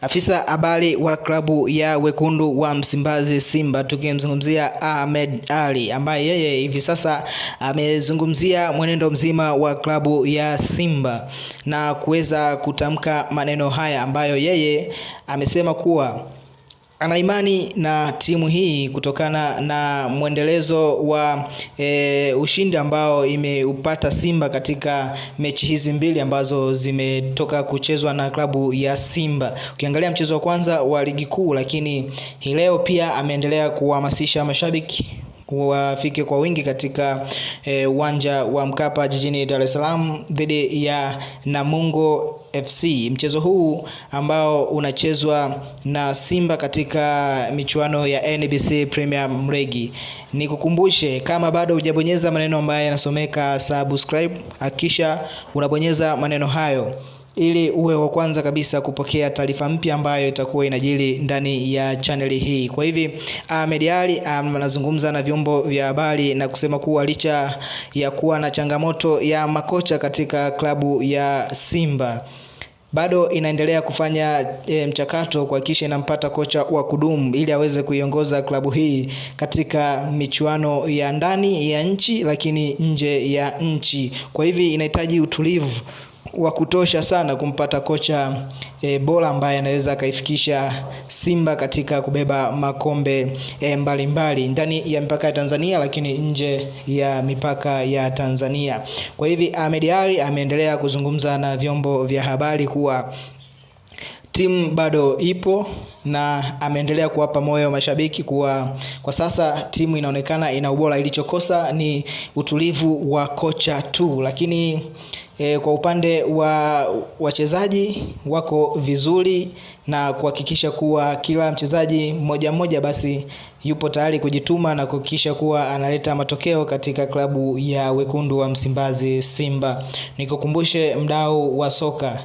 Afisa habari wa klabu ya wekundu wa Msimbazi Simba, tukimzungumzia Ahmed Ali ambaye yeye hivi sasa amezungumzia mwenendo mzima wa klabu ya Simba na kuweza kutamka maneno haya ambayo yeye amesema kuwa ana imani na timu hii kutokana na mwendelezo wa e, ushindi ambao imeupata Simba katika mechi hizi mbili ambazo zimetoka kuchezwa na klabu ya Simba. Ukiangalia mchezo wa kwanza wa ligi kuu, lakini hii leo pia ameendelea kuhamasisha mashabiki wafike kwa wingi katika eh, uwanja e, wa Mkapa jijini Dar es Salaam dhidi ya Namungo FC. Mchezo huu ambao unachezwa na Simba katika michuano ya NBC Premier League. Nikukumbushe kama bado hujabonyeza maneno ambayo yanasomeka subscribe, hakisha unabonyeza maneno hayo ili uwe wa kwanza kabisa kupokea taarifa mpya ambayo itakuwa inajiri ndani ya chaneli hii. Kwa hivi Ahmed Ali um, anazungumza na vyombo vya habari na kusema kuwa licha ya kuwa na changamoto ya makocha katika klabu ya Simba bado inaendelea kufanya e, mchakato kuhakikisha inampata kocha wa kudumu ili aweze kuiongoza klabu hii katika michuano ya ndani ya nchi, lakini nje ya nchi. Kwa hivi inahitaji utulivu wa kutosha sana kumpata kocha e, bora ambaye anaweza akaifikisha Simba katika kubeba makombe eh, mbalimbali e, mbali, ndani ya mipaka ya Tanzania lakini nje ya mipaka ya Tanzania. Kwa hivi Ahmed Ally ameendelea kuzungumza na vyombo vya habari kuwa timu bado ipo na ameendelea kuwapa moyo mashabiki kuwa kwa sasa timu inaonekana ina ubora, ilichokosa ni utulivu wa kocha tu, lakini E, kwa upande wa wachezaji wako vizuri na kuhakikisha kuwa kila mchezaji mmoja mmoja basi yupo tayari kujituma na kuhakikisha kuwa analeta matokeo katika klabu ya Wekundu wa Msimbazi Simba. Nikukumbushe mdau wa soka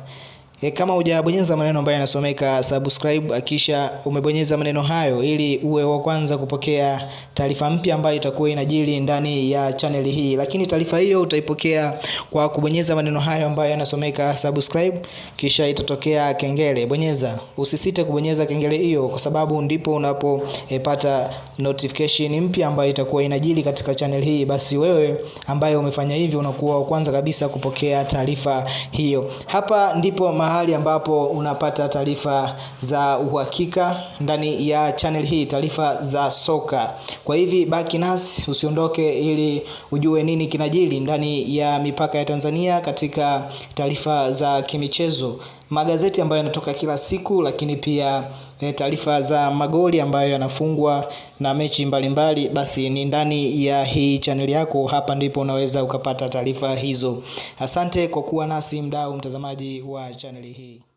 E, kama hujabonyeza maneno ambayo yanasomeka subscribe, akisha umebonyeza maneno hayo ili uwe wa kwanza kupokea taarifa mpya ambayo itakuwa inajiri ndani ya channel hii. Lakini taarifa hiyo utaipokea kwa kubonyeza maneno hayo ambayo yanasomeka subscribe, kisha itatokea kengele. Bonyeza, usisite kubonyeza kengele hiyo, kwa sababu ndipo unapopata e, notification mpya ambayo itakuwa inajiri katika channel hii. Basi wewe ambaye umefanya hivyo unakuwa wa kwanza kabisa kupokea taarifa hiyo. Hapa ndipo ma mahali ambapo unapata taarifa za uhakika ndani ya channel hii, taarifa za soka. Kwa hivi baki nasi, usiondoke ili ujue nini kinajiri ndani ya mipaka ya Tanzania katika taarifa za kimichezo magazeti ambayo yanatoka kila siku, lakini pia e, taarifa za magoli ambayo yanafungwa na mechi mbalimbali mbali, basi ni ndani ya hii chaneli yako. Hapa ndipo unaweza ukapata taarifa hizo. Asante kwa kuwa nasi mdau mtazamaji wa chaneli hii.